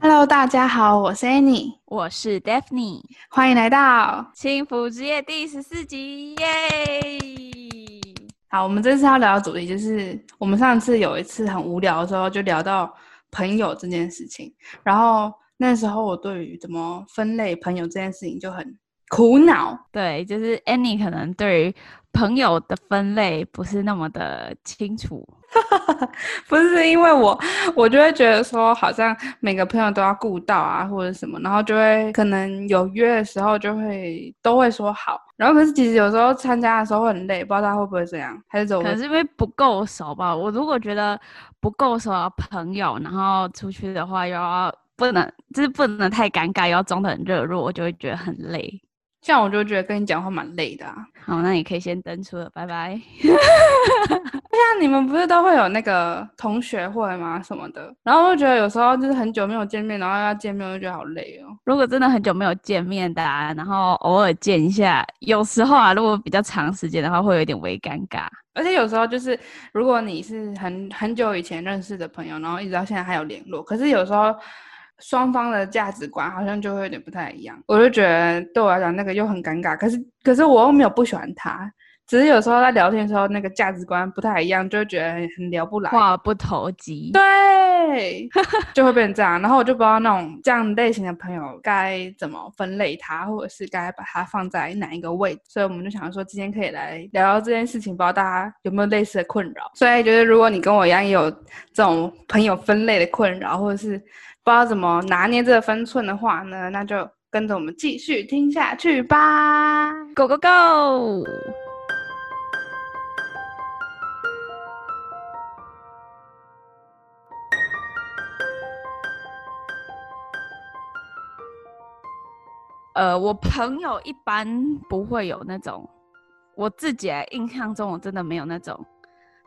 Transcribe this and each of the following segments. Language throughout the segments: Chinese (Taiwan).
Hello，大家好，我是 Annie，我是 Daphne。歡迎來到《輕撫之夜》第十四集，耶！好，我們這次要聊的主題就是，我們上次有一次很無聊的時候，就聊到朋友這件事情，然後，那時候我對於怎麼分類朋友這件事情就很苦惱。對，就是 Annie 可能對於朋友的分類不是那麼的清楚。 不是因為我，我就會覺得說，好像每個朋友都要顧到啊，或者什麼，然後就會可能有約的時候就會都會說好，然後可是其實有時候參加的時候很累，不知道他會不會這樣，還是怎麼？可能是因為不夠熟吧。我如果覺得不夠熟的朋友，然後出去的話又要。不能，就是不能太尷尬，又要裝得很熱絡，我就會覺得很累。像我就覺得跟你講話蠻累的啊。好，那你可以先登出了，拜拜。對啊，你們不是都會有那個同學會嗎？什麼的？然後我覺得有時候就是很久沒有見面，然後要見面就覺得好累哦。如果真的很久沒有見面的啊，然後偶爾見一下，有時候啊，如果比較長時間的話，會有一點微尷尬。而且有時候就是如果你是很很久以前認識的朋友，然後一直到現在還有聯絡，可是有時候。嗯雙方的價值觀好像就會有點不太一樣，我就覺得對我來講那個又很尷尬，可是可是我又沒有不喜歡他，只是有時候在聊天的時候那個價值觀不太一樣，就會覺得很聊不來，話不投機，對， 就會變成這樣。然後我就不知道那種這樣類型的朋友該怎麼分類他，或者是該把它放在哪一個位置。所以我們就想說今天可以來聊聊這件事情，不知道大家有沒有類似的困擾。所以覺得如果你跟我一樣也有這種朋友分類的困擾，或者是。不知道怎麼拿捏這個分寸的話呢，那就跟着我們繼續聽下去吧。Go go go！呃，我朋友一般不會有那種，我自己印象中我真的沒有那種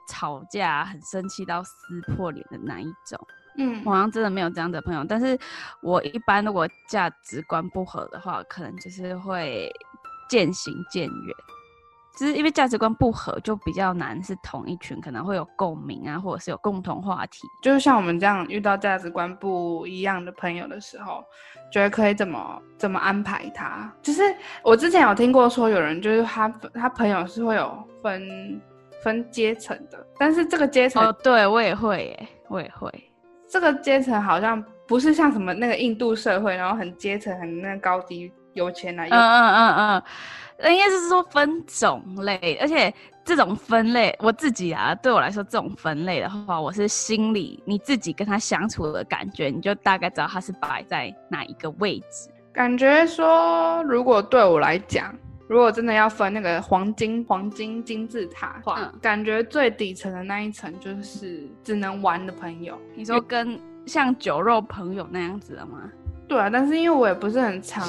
吵架很生氣到撕破臉的那一種。嗯，我好像真的沒有這樣的朋友。但是我一般如果價值觀不合的話，可能就是會漸行漸遠，就是因為價值觀不合，就比較難是同一群，可能會有共鳴啊，或者是有共同話題。就是像我們這樣遇到價值觀不一樣的朋友的時候，覺得可以怎麼怎麼安排他？就是我之前有聽過說，有人就是他他朋友是會有分分階層的，但是這個階層。哦，對，我也會耶、欸，我也會。這個階層好像不是像什麼那個印度社會，然後很階層，很那高低有錢那、啊、嗯嗯嗯嗯嗯，應該是說分種類。而且這種分類，我自己啊，對我來說這種分類的話，我是心裡你自己跟他相處的感覺，你就大概知道他是擺在哪一個位置。感覺說，如果對我來講。如果真的要分那個黃金黃金金字塔的話，嗯，感覺最底層的那一層就是只能玩的朋友。你說跟像酒肉朋友那樣子的嗎？對啊，但是因為我也不是很常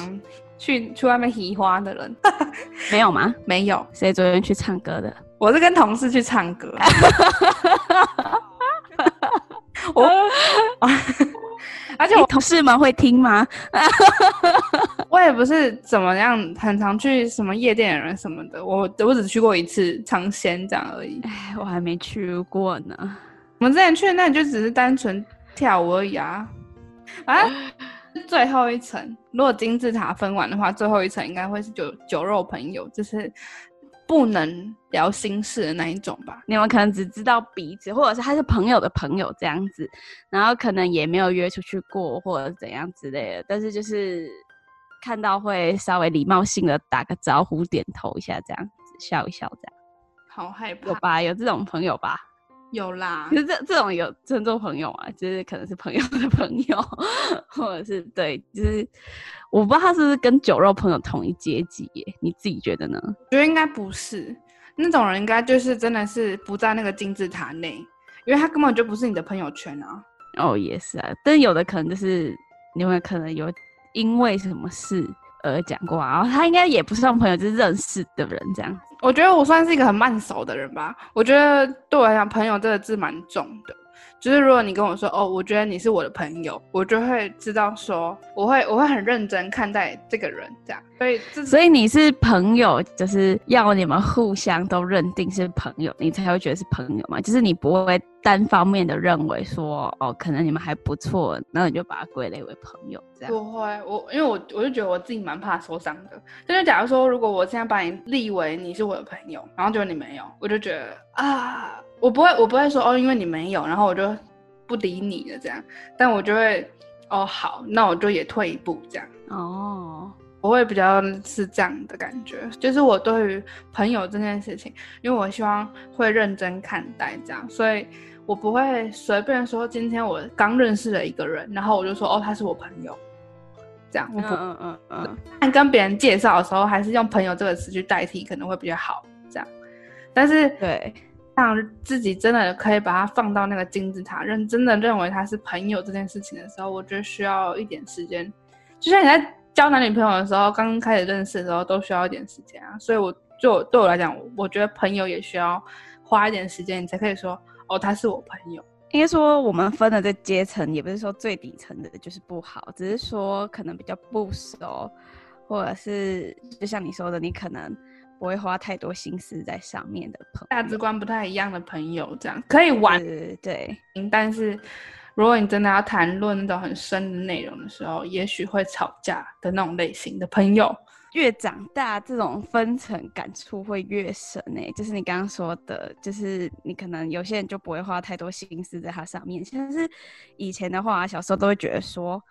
去 去外面嘻花的人， 沒有嗎？ 沒有，誰昨天去唱歌的？我是跟同事去唱歌。 我。 而且我、欸、同事們會聽嗎？ 我也不是怎麼樣，很常去什麼夜店的人什麼的。我我只去過一次嘗鮮，這樣而已。哎，我還沒去過呢。我們之前去，那裡就只是單純跳舞而已啊！啊， 最後一層，如果金字塔分完的話，最後一層應該會是酒酒肉朋友，就是。不能聊心事的那一種吧，你們可能只知道彼此，或者是他是朋友的朋友這樣子，然後可能也沒有約出去過或者怎樣之類的，但是就是看到會稍微禮貌性的打個招呼、點頭一下這樣子、笑一笑這樣。好害怕，有吧？有這種朋友吧？有啦，可是這這種有真正朋友啊，就是可能是朋友的朋友，或者是對，就是我不知道他是不是跟酒肉朋友同一階級耶？你自己覺得呢？我覺得應該不是，那種人應該就是真的是不在那個金字塔內，因為他根本就不是你的朋友圈啊。哦，也是啊，但有的可能就是你有可能有因為什麼事。呃，講過啊，然後，他應該也不算朋友，就是認識的人這樣。我覺得我算是一個很慢熟的人吧。我覺得，對我來講，朋友這個字蠻重的。就是如果你跟我說哦，我覺得你是我的朋友，我就會知道說，我會我會很認真看待這個人這樣。所以，所以你是朋友，就是要你們互相都認定是朋友，你才會覺得是朋友嘛？就是你不會單方面的認為說哦，可能你們還不錯，然後你就把它歸類為朋友這樣。不會，我因為我我就覺得我自己蠻怕受傷的，就是假如說如果我現在把你立為你是我的朋友，然後覺得你沒有，我就覺得啊。我不會，我不會說哦，因為你沒有，然後我就不理你了這樣。但我就會哦，好，那我就也退一步這樣。哦，我會比較是這樣的感覺，就是我對於朋友這件事情，因為我希望會認真看待這樣，所以我不會隨便說今天我剛認識了一個人，然後我就說哦，他是我朋友，這樣。嗯，我不，嗯嗯嗯。但跟別人介紹的時候，還是用朋友這個詞去代替，可能會比較好這樣。但是對。讓自己真的可以把它放到那個金字塔，認真的認為他是朋友這件事情的時候，我覺得需要一點時間。就像你在交男女朋友的時候，剛剛開始認識的時候，都需要一點時間啊。所以我就，我對我對我來講，我覺得朋友也需要花一點時間，你才可以說，哦，他是我朋友。應該說，我們分的這階層，也不是說最底層的就是不好，只是說可能比較不熟，或者是就像你說的，你可能。不會花太多心思在上面的朋友、價值觀不太一樣的朋友，這樣可以玩。對，但是如果你真的要談論那種很深的內容的時候，也許會吵架的那種類型的朋友。越長大，這種分層感觸會越深誒、欸。就是你剛剛說的，就是你可能有些人就不會花太多心思在他上面，其實是以前的話，小時候都會覺得說。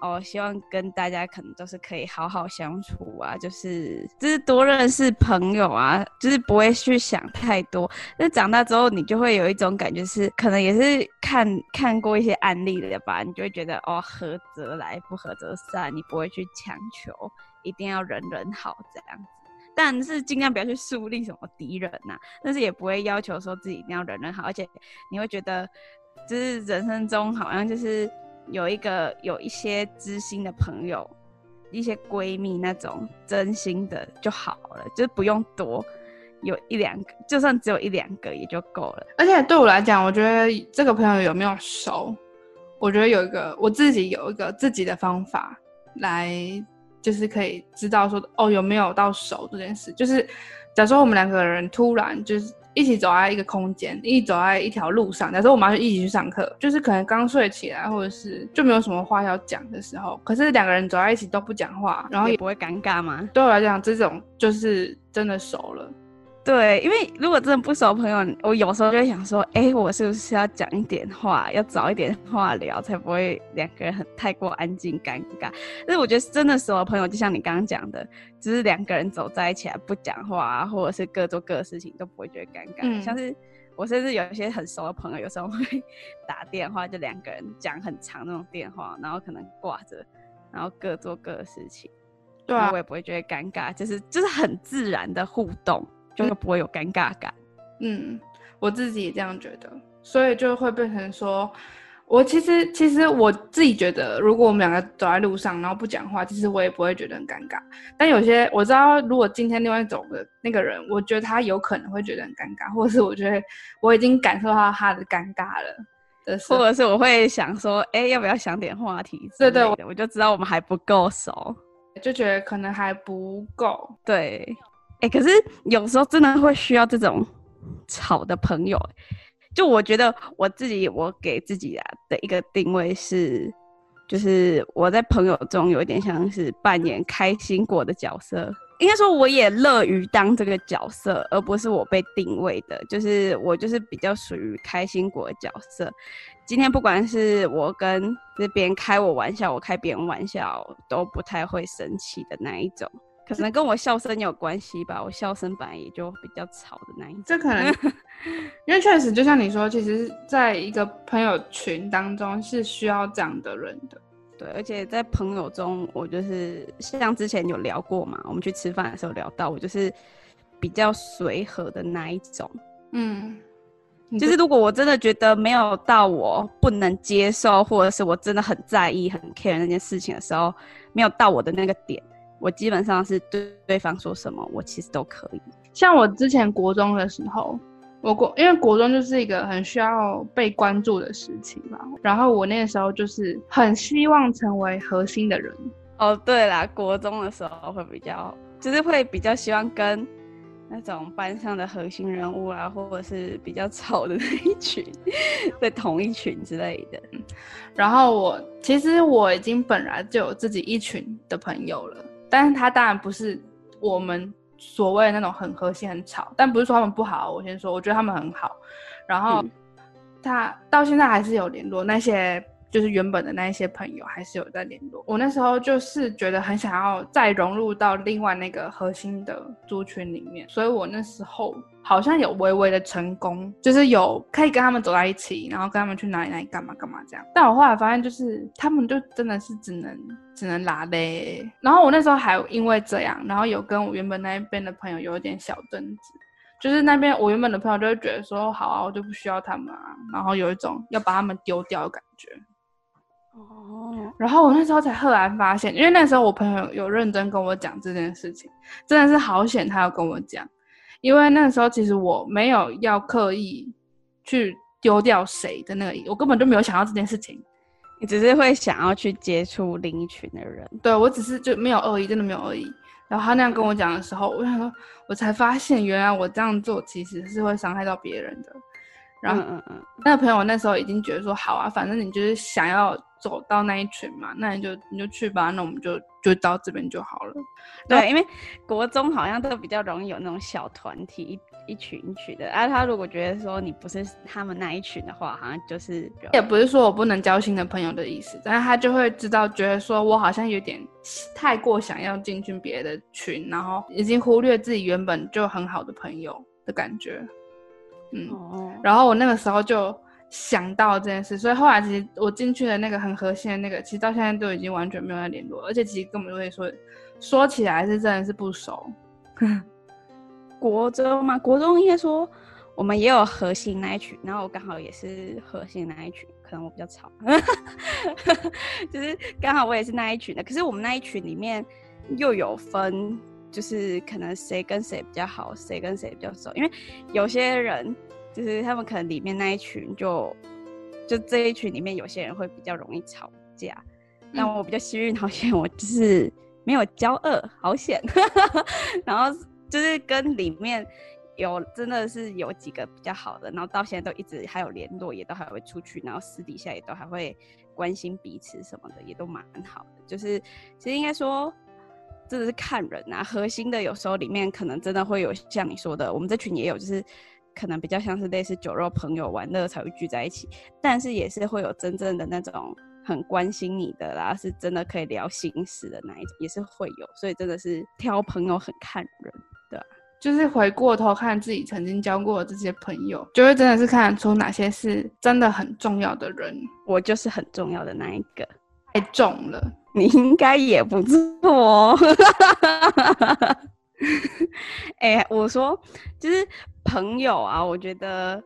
哦，希望跟大家可能都是可以好好相處啊，就是就是多認識朋友啊，就是不會去想太多。那長大之後，你就會有一種感覺是，可能也是看看過一些案例的吧，你就會覺得哦，合則來，不合則散，你不會去強求一定要人人好這樣子。但是儘量不要去樹立什麼敵人吶，啊，但是也不會要求說自己一定要人人好，而且你會覺得，就是人生中好像就是。有一個有一些知心的朋友，一些閨蜜那種真心的就好了，就不用多，有一兩個，就算只有一兩個也就夠了。而且對我來講，我覺得這個朋友有沒有熟，我覺得有一個我自己有一個自己的方法來，就是可以知道說哦，有沒有到熟這件事。就是假如說我們兩個人突然就是。一起走在一個空間，一起走在一條路上，但是我們要一起去上課，就是可能剛睡起來，或者是就沒有什麼話要講的時候，可是兩個人走在一起都不講話，然後也,也不會尷尬嗎？對我來講，這種就是真的熟了。對，因為如果真的不熟的朋友，我有時候就會想說，哎、欸，我是不是要講一點話，要找一點話聊，才不會兩個人很太過安靜尷尬。但是我覺得真的熟的朋友，就像你剛剛講的，只、就是兩個人走在一起不講話、啊，或者是各做各的事情，都不會覺得尷尬。嗯、像是我甚至有一些很熟的朋友，有時候會打電話，就兩個人講很長那種電話，然後可能掛着，然後各做各的事情，對、啊、我也不會覺得尷尬，就是就是很自然的互動。就會不會有尷尬感？嗯，我自己也這樣覺得，所以就會變成說，我其實其實我自己覺得，如果我們兩個走在路上，然後不講話，其實我也不會覺得很尷尬。但有些我知道，如果今天另外走的那個人，我覺得他有可能會覺得很尷尬，或是我覺得我已經感受到他的尷尬了，或者是我會想說，哎、欸，要不要想點話題？對對，對我，我就知道我們還不夠熟，就覺得可能還不夠，對。哎、欸，可是有時候真的會需要這種吵的朋友，欸。就我覺得我自己，我給自己、啊、的一個定位是，就是我在朋友中有一點像是扮演開心果的角色。應該說，我也樂於當這個角色，而不是我被定位的，就是我就是比較屬於開心果的角色。今天不管是我跟那邊開我玩笑，我開別人玩笑，都不太會生氣的那一種。可能跟我笑聲有關係吧，我笑聲本來也就比較吵的那一種。這可能， 因為確實就像你說，其實在一個朋友群當中是需要這樣的人的。對，而且在朋友中，我就是像之前有聊過嘛，我們去吃飯的時候有聊到，我就是比較隨和的那一種。嗯就，就是如果我真的覺得沒有到我不能接受，或者是我真的很在意、很 care 那件事情的時候，沒有到我的那個點。我基本上是對對方說什麼，我其實都可以。像我之前國中的時候，我國因為國中就是一個很需要被關注的時期嘛，然後我那個時候就是很希望成為核心的人。哦，對啦，國中的時候會比較，就是會比較希望跟那種班上的核心人物啊，或者是比較醜的那一群，在同一群之類的。然後我其實我已經本來就有自己一群的朋友了。但是他當然不是我們所謂的那種很核心、很吵，但不是說他們不好。我先說，我覺得他們很好。然後他到現在還是有聯絡那些，就是原本的那一些朋友，還是有在聯絡。我那時候就是覺得很想要再融入到另外那個核心的族群裡面，所以我那時候好像有微微的成功，就是有可以跟他們走在一起，然後跟他們去哪裡哪裡幹嘛幹嘛這樣。但我後來發現，就是他們就真的是只能。只能拉唄。然後我那時候還因為這樣，然後有跟我原本那一邊的朋友有一點小爭執，就是那邊我原本的朋友就會覺得說，好啊，我就不需要他們啊，然後有一種要把他們丟掉的感覺。哦、嗯。然後我那時候才赫然發現，因為那時候我朋友有認真跟我講這件事情，真的是好險他有跟我講，因為那時候其實我沒有要刻意去丟掉誰的那個，我根本就沒有想到這件事情。你只是會想要去接觸另一群的人，對，我只是就沒有惡意，真的沒有惡意。然後他那樣跟我講的時候，我想說，我才發現，原來我這樣做其實是會傷害到別人的。然後，嗯嗯，那個朋友那時候已經覺得說，好啊，反正你就是想要走到那一群嘛，那你就你就去吧，那我們就就到這邊就好了。對，因為國中好像都比較容易有那種小團體。一群一群的，啊，他如果覺得說你不是他們那一群的話，好像就是也不是說我不能交新的朋友的意思，但是他就會知道，覺得說我好像有點太過想要進去別的群，然後已經忽略自己原本就很好的朋友的感覺，嗯，哦，然後我那個時候就想到這件事，所以後來其實我進去的那個很核心的那個，其實到現在都已經完全沒有在聯絡，而且其實根本就會說，說起來是真的是不熟。 國中嗎？國中應該說我們也有核心那一群，然後我剛好也是核心那一群，可能我比較吵， 就是剛好我也是那一群的。可是我們那一群裡面又有分，就是可能誰跟誰比較好，誰跟誰比較熟，因為有些人就是他們可能裡面那一群就就這一群裡面有些人會比較容易吵架，嗯、但我比較幸運，好險我就是沒有交惡，好險， 然後。就是跟裡面有真的是有幾個比較好的，然後到現在都一直還有聯絡，也都還會出去，然後私底下也都還會關心彼此什麼的，也都蠻好的。就是其實應該說，真的是看人啊。核心的有時候裡面可能真的會有像你說的，我們這群也有，就是可能比較像是類似酒肉朋友，玩樂才會聚在一起，但是也是會有真正的那種很關心你的啦，是真的可以聊心事的那一種，也是會有。所以真的是挑朋友很看人。對，就是回過頭看自己曾經交過這些朋友，就會真的是看出哪些是真的很重要的人。我就是很重要的那一個，太重了，你應該也不錯哦。哎、 欸，我說，就是朋友啊，我覺得。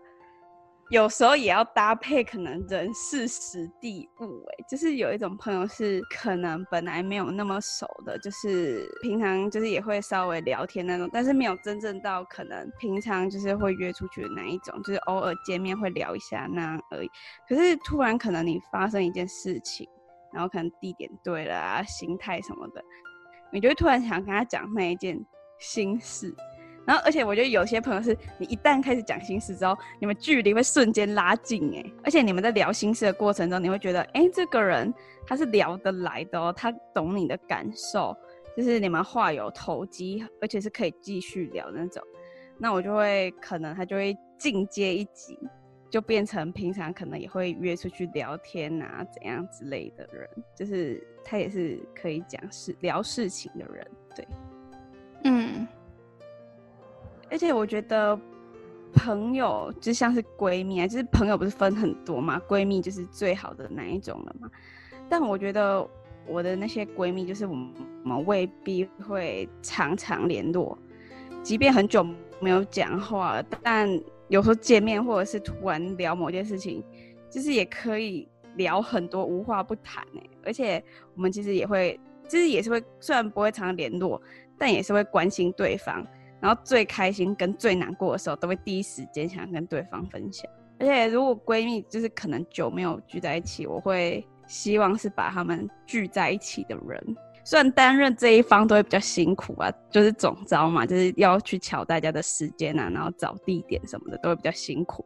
有時候也要搭配，可能人事時地物哎、欸，就是有一種朋友是可能本來沒有那麼熟的，就是平常就是也會稍微聊天那種，但是沒有真正到可能平常就是會約出去的那一種，就是偶爾見面會聊一下那樣而已。可是突然可能你發生一件事情，然後可能地點對了啊，心態什麼的，你就突然想跟他講那一件心事。然後，而且我覺得有些朋友是，你一旦開始講心事之後，你們距離會瞬間拉近哎、欸，而且你們在聊心事的過程中，你會覺得，哎、欸，這個人他是聊得來的哦，他懂你的感受，就是你們話有投機，而且是可以繼續聊那種。那我就會可能他就會進階一級，就變成平常可能也會約出去聊天吶、啊，怎樣之類的人，就是他也是可以講事聊事情的人，對，嗯。而且我覺得，朋友就像是閨蜜啊，就是朋友不是分很多嘛？閨蜜就是最好的那一種了嘛。但我覺得我的那些閨蜜，就是我們未必會常常聯絡，即便很久沒有講話了，但有時候見面或者是突然聊某件事情，就是也可以聊很多，無話不談哎。而且我們其實也會，其實也是會，雖然不會常常聯絡，但也是會關心對方。然後最開心跟最難過的時候，都會第一時間想要跟對方分享。而且如果閨蜜就是可能久沒有聚在一起，我會希望是把他們聚在一起的人。雖然擔任這一方都會比較辛苦啊，就是總召嘛，就是要去喬大家的時間啊，然後找地點什麼的都會比較辛苦。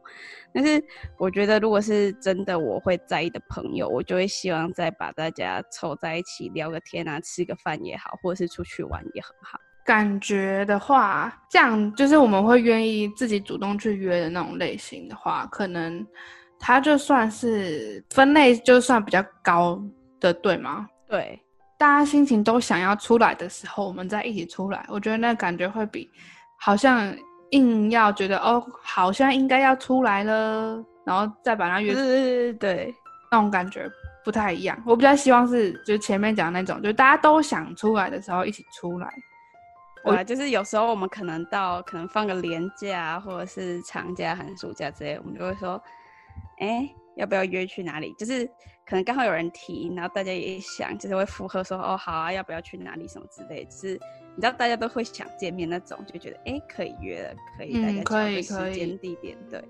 但是我覺得，如果是真的我會在意的朋友，我就會希望再把大家湊在一起聊個天啊，吃個飯也好，或者是出去玩也很好。感覺的話，這樣就是我們會願意自己主動去約的那種類型的話，可能它就算是分類就算比較高的，對嗎？對，大家心情都想要出來的時候，我們再一起出來。我覺得那感覺會比好像硬要覺得哦，好像應該要出來了，然後再把它約出來，呃，對，那種感覺不太一樣。我比較希望是就前面講的那種，就是大家都想出來的時候一起出來。哇、啊，就是有時候我們可能到可能放個年假，或者是長假、寒暑假之類，我們就會說，哎、欸，要不要約去哪裡？就是可能剛好有人提，然後大家也想，就是會附和說，哦，好啊，要不要去哪裡什麼之類的。就是你知道大家都會想見面那種，就覺得哎、欸，可以約了，可以，嗯、大家找個時間地點，對。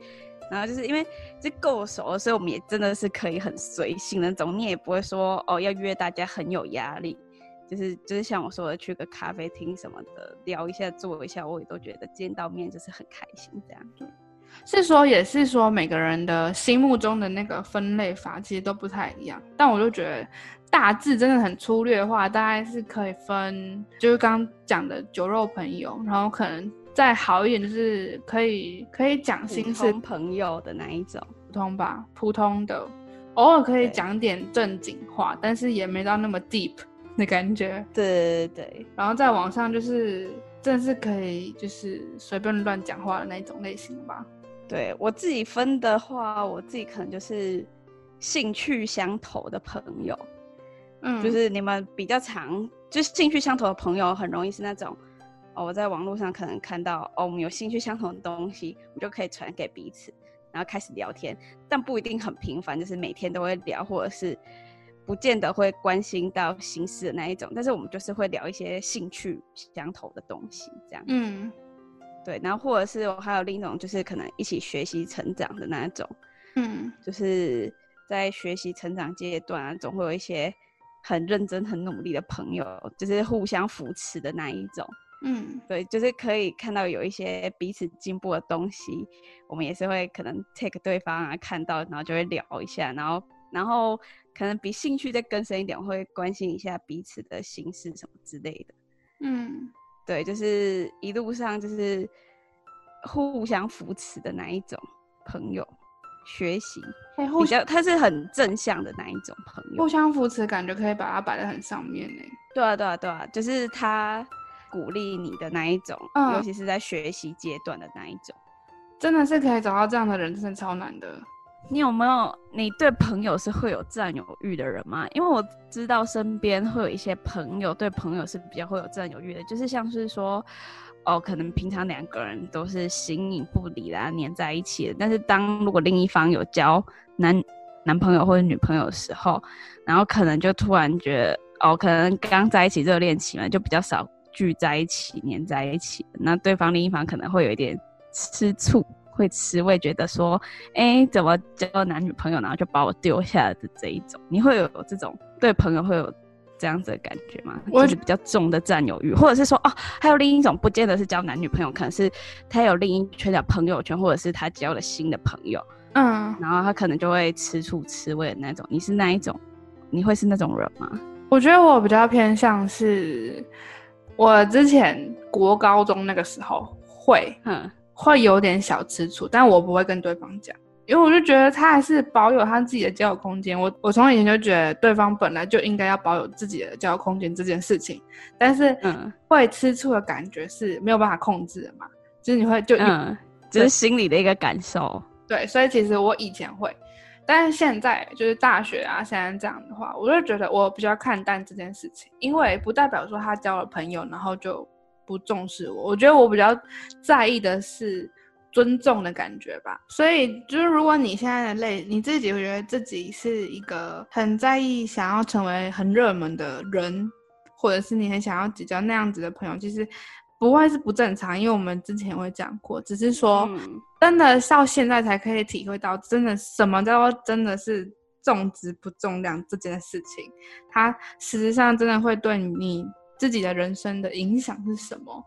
然後就是因為這夠熟了，所以我們也真的是可以很隨性那種，你也不會說哦，要約大家很有壓力。就是就是像我說的，去個咖啡廳什麼的聊一下、坐一下，我也都覺得見到面就是很開心。這樣子，是說也是說每個人的心目中的那個分類法其實都不太一樣。但我就覺得大致真的很粗略的話，大概是可以分，就是剛講的酒肉朋友，然後可能再好一點就是可以可以講心事朋友的那一種普通吧，普通的，偶爾可以講點正經話，但是也沒到那麼 deep。的感覺，對對，對然後在網上就是真是可以就是隨便亂講話的那種類型吧。對我自己分的話，我自己可能就是興趣相投的朋友，嗯，就是你們比較常就是興趣相投的朋友，很容易是那種哦，我在網絡上可能看到哦，我們有興趣相投的東西，我就可以傳給彼此，然後開始聊天，但不一定很頻繁，就是每天都會聊或者是。不見得會關心到形式的那一種，但是我們就是會聊一些興趣相投的東西，這樣。嗯，對，然後或者是我還有另一種，就是可能一起學習成長的那一種。嗯，就是在學習成長階段啊，總會有一些很認真、很努力的朋友，就是互相扶持的那一種。嗯，對，就是可以看到有一些彼此進步的東西，我們也是會可能 take 對方啊，看到然後就會聊一下，然後。然後可能比興趣再更深一點，我會關心一下彼此的心事什麼之類的。嗯，對，就是一路上就是互相扶持的那一種朋友，學習互比較他是很正向的那一種朋友，互相扶持感覺可以把它擺在很上面呢、欸。對啊，對啊，對啊，就是他鼓勵你的那一種、嗯，尤其是在學習階段的那一種，真的是可以找到這樣的人，真的超難的。你有沒有你對朋友是會有佔有欲的人嗎？因為我知道身邊會有一些朋友對朋友是比較會有佔有欲的，就是像就是說，哦，可能平常兩個人都是形影不離啦，啊，黏在一起。但是當如果另一方有交男男朋友或者女朋友的時候，然後可能就突然覺得，哦，可能剛在一起熱戀期嘛，就比較少聚在一起黏在一起。那對方另一方可能會有一點吃醋。會吃味，覺得說，哎、欸，怎麼交男女朋友，然後就把我丟下的這一種，你會有這種對朋友會有這樣子的感覺嗎？就是比較重的佔有慾，或者是說，哦，還有另一種，不見得是交男女朋友，可能是他有另一圈的朋友圈，或者是他交了新的朋友，嗯，然後他可能就會吃醋、吃味的那種。你是那一種，你會是那種人嗎？我覺得我比較偏向是，我之前國高中那個時候會，嗯。會有點小吃醋，但我不會跟對方講，因為我就覺得他還是保有他自己的交友空間。我我從以前就覺得對方本來就應該要保有自己的交友空間這件事情，但是會吃醋的感覺是沒有辦法控制的嘛，嗯、就是你會就嗯，只是心裡的一個感受。對，所以其實我以前會，但是現在就是大學啊，現在這樣的話，我就覺得我比較看淡這件事情，因為不代表說他交了朋友，然後就。不重視我，我覺得我比較在意的是尊重的感覺吧。所以，就是如果你現在的累你自己會覺得自己是一個很在意、想要成為很熱門的人，或者是你很想要結交那樣子的朋友，其實不會是不正常，因為我們之前會講過。只是說、嗯，真的到現在才可以體會到，真的什麼叫做真的是重質不重量這件事情，它實際上真的會對你自己的人生的影響是什麼？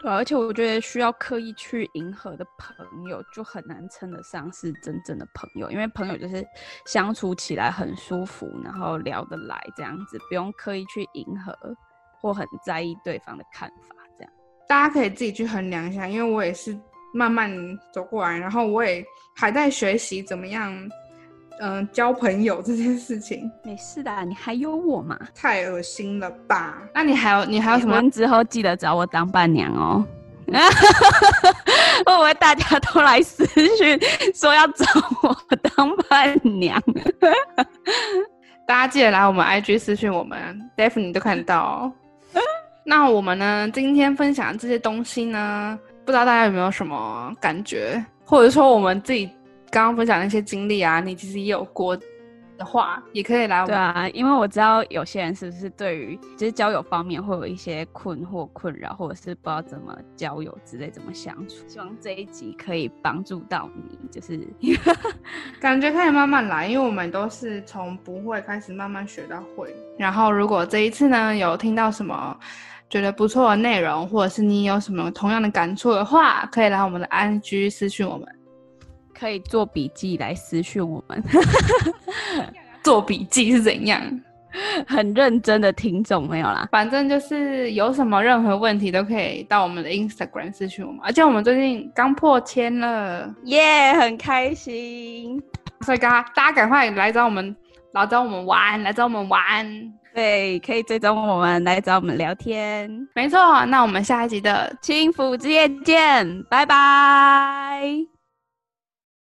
對啊，而且我覺得需要刻意去迎合的朋友，就很難稱得上是真正的朋友。因為朋友就是相處起來很舒服，然後聊得來，這樣子不用刻意去迎合，或很在意對方的看法。這樣，大家可以自己去衡量一下。因為我也是慢慢走過來，然後我也還在學習怎麼樣。嗯，交朋友這件事情沒事、欸、的，你還有我嘛。太噁心了吧！那你還有你還有什麼？欸、之後記得找我當伴娘哦。 會不會大家都來私訊說要找我當伴娘？ 大家記得來我們 IG 私訊我們 ，Daphne 你都看到哦。哦、欸。那我們呢？今天分享這些東西呢？不知道大家有沒有什麼感覺，或者說我們自己。剛剛分享那些經歷啊，你其實也有過的話，也可以來我們。對啊，因為我知道有些人是不是對於其實交友方面會有一些困惑、困擾，或者是不知道怎麼交友之類、怎麼相處。希望這一集可以幫助到你，就是 感覺可以慢慢來，因為我們都是從不會開始慢慢學到會。然後，如果這一次呢有聽到什麼覺得不錯的內容，或者是你有什麼同樣的感觸的話，可以來我們的 IG 私訊我們。可以做筆記來私訊我們， 做筆記是怎樣？很認真的聽眾沒有啦？反正就是有什麼任何問題都可以到我們的 Instagram 私訊我們，而且我們最近剛破千了，耶，yeah，很開心！所以，大家趕快來找我們，來找我們玩，來找我們玩，對，可以追蹤我們，來找我們聊天。沒錯，那我們下一集的《輕撫之夜》見，拜拜。